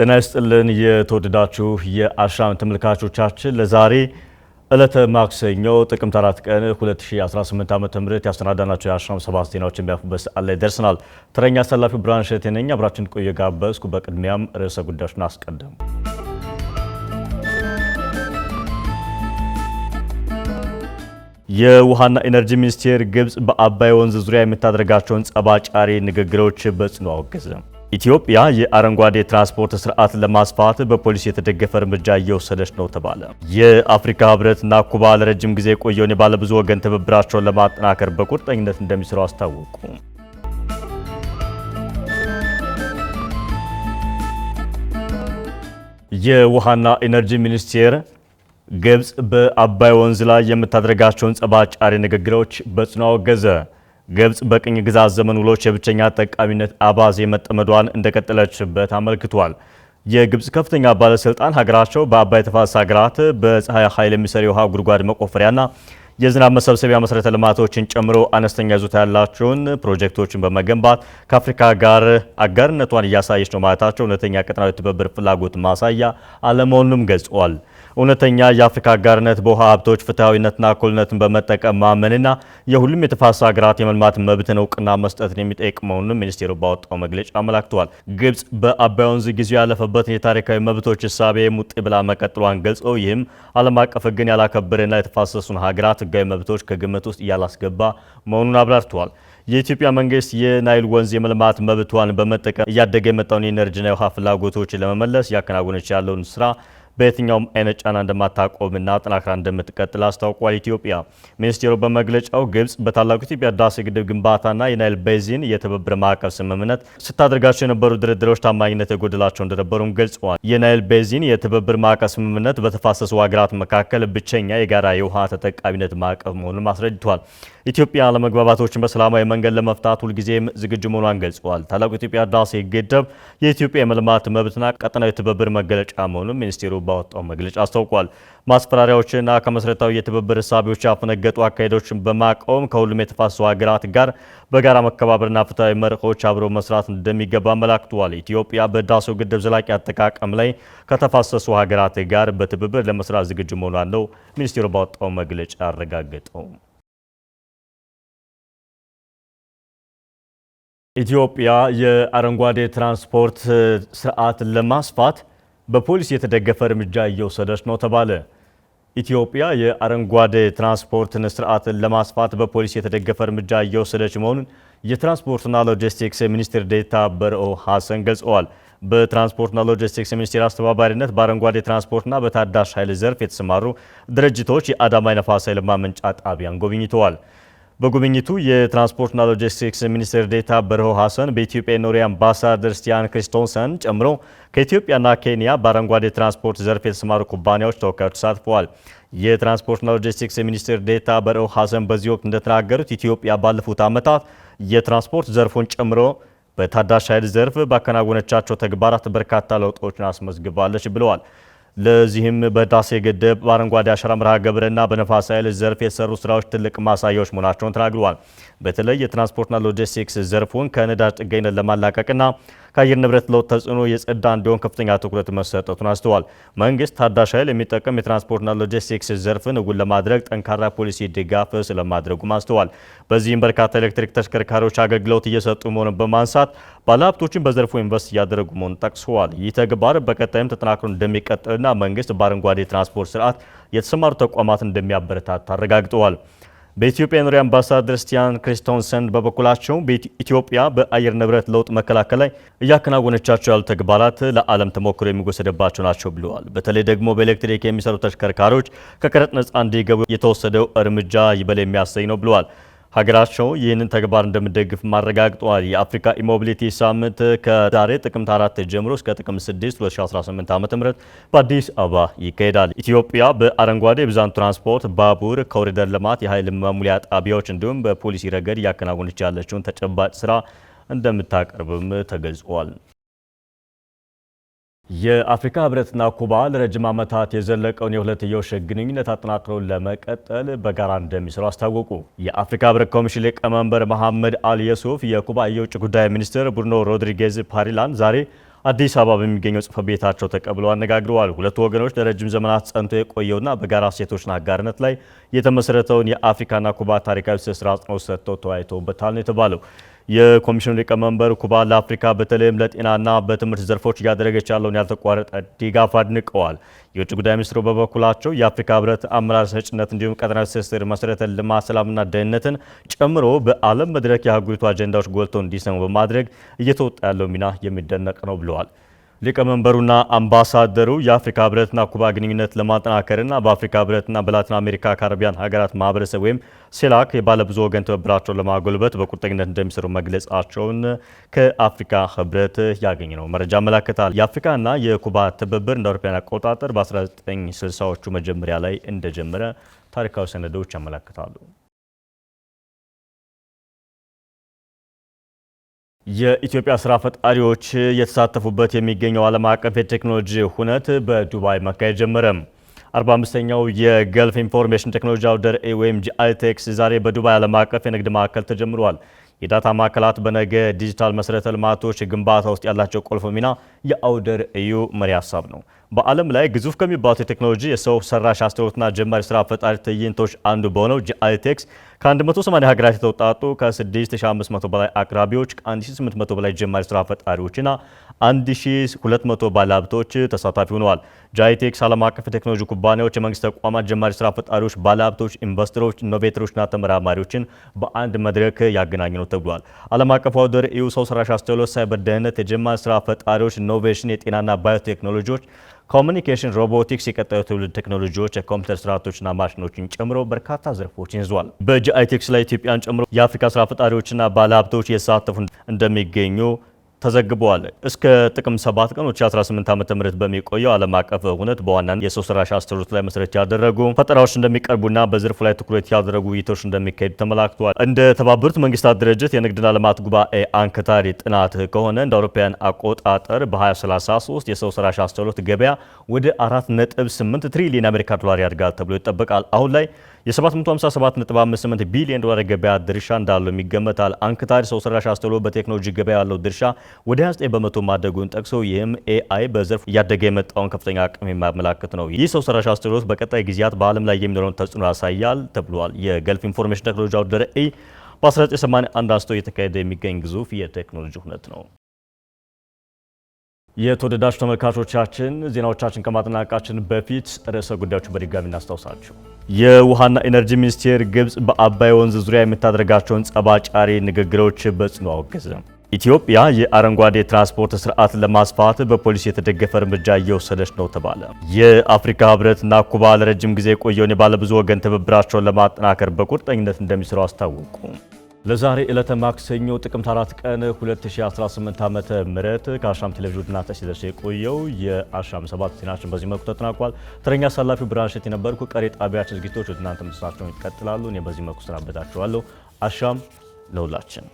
ጤና ይስጥልን የተወደዳችሁ የአሻም ተመልካቾቻችን፣ ለዛሬ ዕለተ ማክሰኞ ጥቅምት 4 ቀን 2018 ዓ.ም ያስተናዳናቸው የአሻም ሰባት ዜናዎች የሚያፉበት ሰዓት ላይ ደርሰናል። ተረኛ አሳላፊው ብርሃን እሸቴ አብራችን ቆየ ጋበዝኩ። በቅድሚያም ርዕሰ ጉዳዮችን አስቀድም የውሃና ኢነርጂ ሚኒስቴር ግብፅ በአባይ ወንዝ ዙሪያ የምታደርጋቸውን ጸባጫሪ ንግግሮች በጽኑ አወገዘም። ኢትዮጵያ የአረንጓዴ ትራንስፖርት ስርዓት ለማስፋት በፖሊሲ የተደገፈ እርምጃ እየወሰደች ነው ተባለ። የአፍሪካ ህብረትና ኩባ ለረጅም ጊዜ የቆየውን የባለብዙ ወገን ትብብራቸውን ለማጠናከር በቁርጠኝነት እንደሚሰሩ አስታወቁ። የውሃና ኢነርጂ ሚኒስቴር ግብፅ በአባይ ወንዝ ላይ የምታደርጋቸውን ጸባጫሪ ንግግሮች በጽኑ አወገዘ። ግብጽ በቅኝ ግዛት ዘመን ውሎች የብቸኛ ተጠቃሚነት አባዜ መጠመዷን እንደቀጠለችበት አመልክቷል። የግብጽ ከፍተኛ ባለስልጣን ሀገራቸው በአባይ ተፋሰስ ሀገራት በፀሐይ ኃይል የሚሰሩ የውሃ ጉድጓድ መቆፈሪያና የዝናብ መሰብሰቢያ መሰረተ ልማቶችን ጨምሮ አነስተኛ ይዞታ ያላቸውን ፕሮጀክቶችን በመገንባት ከአፍሪካ ጋር አጋርነቷን እያሳየች ነው ማለታቸው እውነተኛ ቀጠናዊ ትብብር ፍላጎት ማሳያ አለመሆኑንም ገልጸዋል። እውነተኛ የአፍሪካ አጋርነት በውሃ ሀብቶች ፍትሐዊነትና እኩልነትን በመጠቀም ማመንና የሁሉም የተፋሰስ ሀገራት የመልማት መብትን እውቅና መስጠትን የሚጠይቅ መሆኑን ሚኒስቴሩ ባወጣው መግለጫ አመላክተዋል። ግብጽ በአባይ ወንዝ ጊዜው ያለፈበትን የታሪካዊ መብቶች እሳቤ ሙጥ ብላ መቀጥሏን ገልጸው ይህም ዓለም አቀፍ ሕግን ያላከበረና የተፋሰሱን ሀገራት ሕጋዊ መብቶች ከግምት ውስጥ እያላስገባ መሆኑን አብራርተዋል። የኢትዮጵያ መንግስት የናይል ወንዝ የመልማት መብቷን በመጠቀም እያደገ የመጣውን የኤነርጂና የውሃ ፍላጎቶች ለመመለስ እያከናወነች ያለውን ስራ በየትኛውም አይነት ጫና እንደማታቆምና አጠናክራ እንደምትቀጥል አስታውቋል። ኢትዮጵያ ሚኒስቴሩ በመግለጫው ግብጽ በታላቁ ኢትዮጵያ ህዳሴ ግድብ ግንባታና የናይል ቤዚን የትብብር ማዕቀፍ ስምምነት ስታደርጋቸው የነበሩ ድርድሮች ታማኝነት የጎደላቸው እንደነበሩም ገልጸዋል። የናይል ቤዚን የትብብር ማዕቀፍ ስምምነት በተፋሰሱ ሀገራት መካከል ብቸኛ የጋራ የውሃ ተጠቃሚነት ማዕቀፍ መሆኑን አስረድቷል። ኢትዮጵያ አለመግባባቶችን በሰላማዊ መንገድ ለመፍታት ሁልጊዜም ዝግጁ መሆኗን ገልጸዋል። ታላቁ ኢትዮጵያ ህዳሴ ግድብ የኢትዮጵያ የመልማት መብትና ቀጠናዊ ትብብር መገለጫ መሆኑን ሚኒስቴሩ ባወጣው መግለጫ አስታውቋል። ማስፈራሪያዎችንና ከመሰረታዊ የትብብር እሳቤዎች ያፈነገጡ አካሄዶችን በማቆም ከሁሉም የተፋሰሱ ሀገራት ጋር በጋራ መከባበርና ፍትሐዊ መርሆች አብሮ መስራት እንደሚገባ አመላክተዋል። ኢትዮጵያ በህዳሴው ግድብ ዘላቂ አጠቃቀም ላይ ከተፋሰሱ ሀገራት ጋር በትብብር ለመስራት ዝግጁ መሆኗን ነው ሚኒስቴሩ ባወጣው መግለጫ ያረጋገጠው። ኢትዮጵያ የአረንጓዴ ትራንስፖርት ስርዓት ለማስፋት በፖሊስ የተደገፈ እርምጃ እየወሰደች ነው ተባለ። ኢትዮጵያ የአረንጓዴ ትራንስፖርትን ስርዓትን ለማስፋት በፖሊስ የተደገፈ እርምጃ እየወሰደች መሆኑን የትራንስፖርትና ሎጂስቲክስ ሚኒስትር ዴታ በርኦ ሐሰን ገልጸዋል። በትራንስፖርትና ሎጂስቲክስ ሚኒስቴር አስተባባሪነት በአረንጓዴ ትራንስፖርትና በታዳሽ ኃይል ዘርፍ የተሰማሩ ድርጅቶች የአዳማ የነፋስ ኃይል ማመንጫ ጣቢያን ጎብኝተዋል። በጉብኝቱ የትራንስፖርትና ሎጂስቲክስ ሚኒስትር ዴታ በርሆ ሀሰን በኢትዮጵያ የኖርዌይ አምባሳደር ስቲያን ክሪስቶንሰን ጨምሮ ከኢትዮጵያና ኬንያ በአረንጓዴ ትራንስፖርት ዘርፍ የተሰማሩ ኩባንያዎች ተወካዮች ተሳትፈዋል። የትራንስፖርትና ሎጂስቲክስ ሚኒስትር ዴታ በርሆ ሀሰን በዚህ ወቅት እንደተናገሩት ኢትዮጵያ ባለፉት ዓመታት የትራንስፖርት ዘርፉን ጨምሮ በታዳሽ ኃይል ዘርፍ ባከናወነቻቸው ተግባራት በርካታ ለውጦችን አስመዝግባለች ብለዋል። ለዚህም በህዳሴ ግድብ በአረንጓዴ አሻራ መርሃ ግብርና በነፋስ ኃይል ዘርፍ የተሰሩ ስራዎች ትልቅ ማሳያዎች መሆናቸውን ተናግረዋል። በተለይ የትራንስፖርትና ሎጂስቲክስ ዘርፉን ከነዳጅ ጥገኝነት ለማላቀቅና ከአየር ንብረት ለውጥ ተጽዕኖ የጸዳ እንዲሆን ከፍተኛ ትኩረት መሰጠቱን አስተዋል። መንግስት ታዳሽ ኃይል የሚጠቀም የትራንስፖርትና ሎጂስቲክስ ዘርፍን እውን ለማድረግ ጠንካራ ፖሊሲ ድጋፍ ስለማድረጉም አስተዋል። በዚህም በርካታ ኤሌክትሪክ ተሽከርካሪዎች አገልግሎት እየሰጡ መሆኑን በማንሳት ባለሀብቶችን በዘርፉ ኢንቨስት እያደረጉ መሆኑን ጠቅሰዋል። ይህ ተግባር በቀጣይም ተጠናክሮ እንደሚቀጥልና መንግስት በአረንጓዴ ትራንስፖርት ስርዓት የተሰማሩ ተቋማት እንደሚያበረታታ አረጋግጠዋል። በኢትዮጵያ የኖሪ አምባሳደር ስቲያን ክሪስቶንሰን በበኩላቸው ኢትዮጵያ በአየር ንብረት ለውጥ መከላከል ላይ እያከናወነቻቸው ያሉ ተግባራት ለዓለም ተሞክሮ የሚወሰደባቸው ናቸው ብለዋል። በተለይ ደግሞ በኤሌክትሪክ የሚሰሩ ተሽከርካሪዎች ከቀረጥ ነፃ እንዲገቡ የተወሰደው እርምጃ ይበል የሚያሰኝ ነው ብለዋል። ሀገራቸው ይህንን ተግባር እንደምደግፍ ማረጋግጠዋል። የአፍሪካ ኢሞቢሊቲ ሳምንት ከዛሬ ጥቅምት 4 ጀምሮ እስከ ጥቅምት 6 2018 ዓ ም በአዲስ አበባ ይካሄዳል። ኢትዮጵያ በአረንጓዴ ብዛን ትራንስፖርት፣ ባቡር፣ ኮሪደር ልማት፣ የኃይል መሙሊያ ጣቢያዎች እንዲሁም በፖሊሲ ረገድ እያከናወነች ያለችውን ተጨባጭ ስራ እንደምታቀርብም ተገልጿል። የአፍሪካ ህብረትና ኩባ ለረጅም ዓመታት የዘለቀውን የሁለትዮሽ ግንኙነት አጠናክረው ለመቀጠል በጋራ እንደሚሰሩ አስታወቁ። የአፍሪካ ህብረት ኮሚሽን ሊቀመንበር መሐመድ አል የሱፍ፣ የኩባ የውጭ ጉዳይ ሚኒስትር ብሩኖ ሮድሪጌዝ ፓሪላን ዛሬ አዲስ አበባ በሚገኘው ጽሕፈት ቤታቸው ተቀብለው አነጋግረዋል። ሁለቱ ወገኖች ለረጅም ዘመናት ጸንቶ የቆየውና በጋራ ሴቶች አጋርነት ላይ የተመሰረተውን የአፍሪካና ኩባ ታሪካዊ ትስስር አጽንኦት ሰጥተው ተወያይተውበታል ነው የተባለው። የኮሚሽኑ ሊቀመንበር ኩባ ለአፍሪካ በተለይም ለጤናና በትምህርት ዘርፎች እያደረገች ያለውን ያልተቋረጠ ድጋፍ አድንቀዋል። የውጭ ጉዳይ ሚኒስትሩ በበኩላቸው የአፍሪካ ህብረት አመራር ሰጭነት እንዲሁም ቀጠናዊ ትስስር፣ መሰረተ ልማት፣ ሰላምና ደህንነትን ጨምሮ በዓለም መድረክ የአህጉሪቱ አጀንዳዎች ጎልተው እንዲሰሙ በማድረግ እየተወጣ ያለው ሚና የሚደነቅ ነው ብለዋል። ሊቀመንበሩና አምባሳደሩ የአፍሪካ ህብረትና ኩባ ግንኙነት ለማጠናከርና በአፍሪካ ህብረትና በላቲን አሜሪካ ካረቢያን ሀገራት ማህበረሰብ ወይም ሴላክ የባለብዙ ወገን ትብብራቸውን ለማጎልበት በቁርጠኝነት እንደሚሰሩ መግለጻቸውን ከአፍሪካ ህብረት ያገኘነው መረጃ ያመለክታል። የአፍሪካና የኩባ ትብብር እንደ አውሮፓውያን አቆጣጠር በ1960ዎቹ መጀመሪያ ላይ እንደጀመረ ታሪካዊ ሰነዶች ያመለክታሉ። የኢትዮጵያ ስራ ፈጣሪዎች የተሳተፉበት የሚገኘው ዓለም አቀፍ የቴክኖሎጂ ሁነት በዱባይ መካሄድ ጀመረም። 45ኛው የገልፍ ኢንፎርሜሽን ቴክኖሎጂ አውደር ርዕይ ወይም ጂአይቴክስ ዛሬ በዱባይ ዓለም አቀፍ የንግድ ማዕከል ተጀምሯል። የዳታ ማዕከላት በነገ ዲጂታል መሰረተ ልማቶች ግንባታ ውስጥ ያላቸው ቁልፍ ሚና የአውደ ርዕዩ መሪ ሀሳብ ነው። በዓለም ላይ ግዙፍ ከሚባሉት የቴክኖሎጂ የሰው ሰራሽ አስተውሎትና ጀማሪ ስራ ፈጣሪ ትዕይንቶች አንዱ በሆነው ጂአይቴክስ ከ180 ሀገራት የተውጣጡ ከ6500 በላይ አቅራቢዎች፣ ከ1800 በላይ ጀማሪ ስራ ፈጣሪዎችና 1200 ባለሀብቶች ተሳታፊ ሆነዋል። ጃይቴክስ ዓለም አቀፍ የቴክኖሎጂ ኩባንያዎች፣ የመንግስት ተቋማት፣ ጀማሪ ስራ ፈጣሪዎች፣ ባለሀብቶች፣ ኢንቨስተሮች፣ ኢኖቬተሮችና ተመራማሪዎችን በአንድ መድረክ ያገናኘ ነው ተብሏል። ዓለም አቀፉ አውደ ርዕዩ ሰው ሰራሽ አስተውሎት፣ ሳይበር ደህንነት፣ የጀማሪ ስራ ፈጣሪዎች፣ ኢኖቬሽን፣ የጤናና ባዮቴክኖሎጂዎች ኮሚኒኬሽን ሮቦቲክስ የቀጣዩ ትውልድ ቴክኖሎጂዎች የኮምፒውተር ስርዓቶችና ማሽኖችን ጨምሮ በርካታ ዘርፎችን ይዟል። በጂአይቴክስ ላይ ኢትዮጵያን ጨምሮ የአፍሪካ ስራ ፈጣሪዎችና ባለሀብቶች የተሳተፉ እንደሚገኙ ተዘግበዋል። እስከ ጥቅም 7 ቀን 2018 ም በሚቆየው ዓለም አቀፍ እውነት በዋናነት የሰው ሰራሽ አስተውሎት ላይ መሰረት ያደረጉ ፈጠራዎች እንደሚቀርቡና በዘርፉ ላይ ትኩረት ያደረጉ ውይይቶች እንደሚካሄዱ ተመላክቷል። እንደ ተባበሩት መንግስታት ድርጅት የንግድና ልማት ጉባኤ አንክታሪ ጥናት ከሆነ እንደ አውሮፓውያን አቆጣጠር በ2033 የሰው ሰራሽ አስተውሎት ገበያ ወደ 4.8 ትሪሊዮን አሜሪካ ዶላር ያድጋል ተብሎ ይጠበቃል። አሁን ላይ የ757.58 ቢሊዮን ዶላር የገበያ ድርሻ እንዳለው ይገመታል። አንክታድ ሰው ሰራሽ አስተውሎ በቴክኖሎጂ ገበያ ያለው ድርሻ ወደ 29 በመቶ ማደጉን ጠቅሶ ይህም ኤአይ በዘርፍ እያደገ የመጣውን ከፍተኛ አቅም የሚያመላክት ነው። ይህ ሰው ሰራሽ አስተውሎት በቀጣይ ጊዜያት በዓለም ላይ የሚኖረውን ተጽዕኖ ያሳያል ተብሏል። የገልፍ ኢንፎርሜሽን ቴክኖሎጂ አውደ ርዕይ በ1981 አንስቶ እየተካሄደ የሚገኝ ግዙፍ የቴክኖሎጂ ሁነት ነው። የተወደዳችሁ ተመልካቾቻችን ዜናዎቻችን ከማጠናቀቃችን በፊት ርዕሰ ጉዳዮችን በድጋሚ እናስታውሳችሁ። የውሃና ኢነርጂ ሚኒስቴር ግብጽ በአባይ ወንዝ ዙሪያ የምታደርጋቸውን ጸባጫሪ ንግግሮች በጽኑ አወገዘ። ኢትዮጵያ የአረንጓዴ ትራንስፖርት ስርዓት ለማስፋት በፖሊሲ የተደገፈ እርምጃ እየወሰደች ነው ተባለ። የአፍሪካ ህብረትና ኩባ ለረጅም ጊዜ የቆየውን የባለብዙ ወገን ትብብራቸውን ለማጠናከር በቁርጠኝነት እንደሚሰሩ አስታወቁ። ለዛሬ ዕለተ ማክሰኞ ጥቅምት 4 ቀን 2018 ዓመተ ምህረት ከአሻም ቴሌቪዥን ና ሲደርስ የቆየው የአሻም ሰባት ዜናችን በዚህ መልኩ ተጠናቋል። ተረኛ አሳላፊው ብራንሸት የነበርኩ። ቀሪ ጣቢያችን ዝግጅቶች ወደ እናንተ መስራቸውን ይቀጥላሉ። እኔ በዚህ መልኩ ሰናበታችኋለሁ። አሻም ለሁላችን።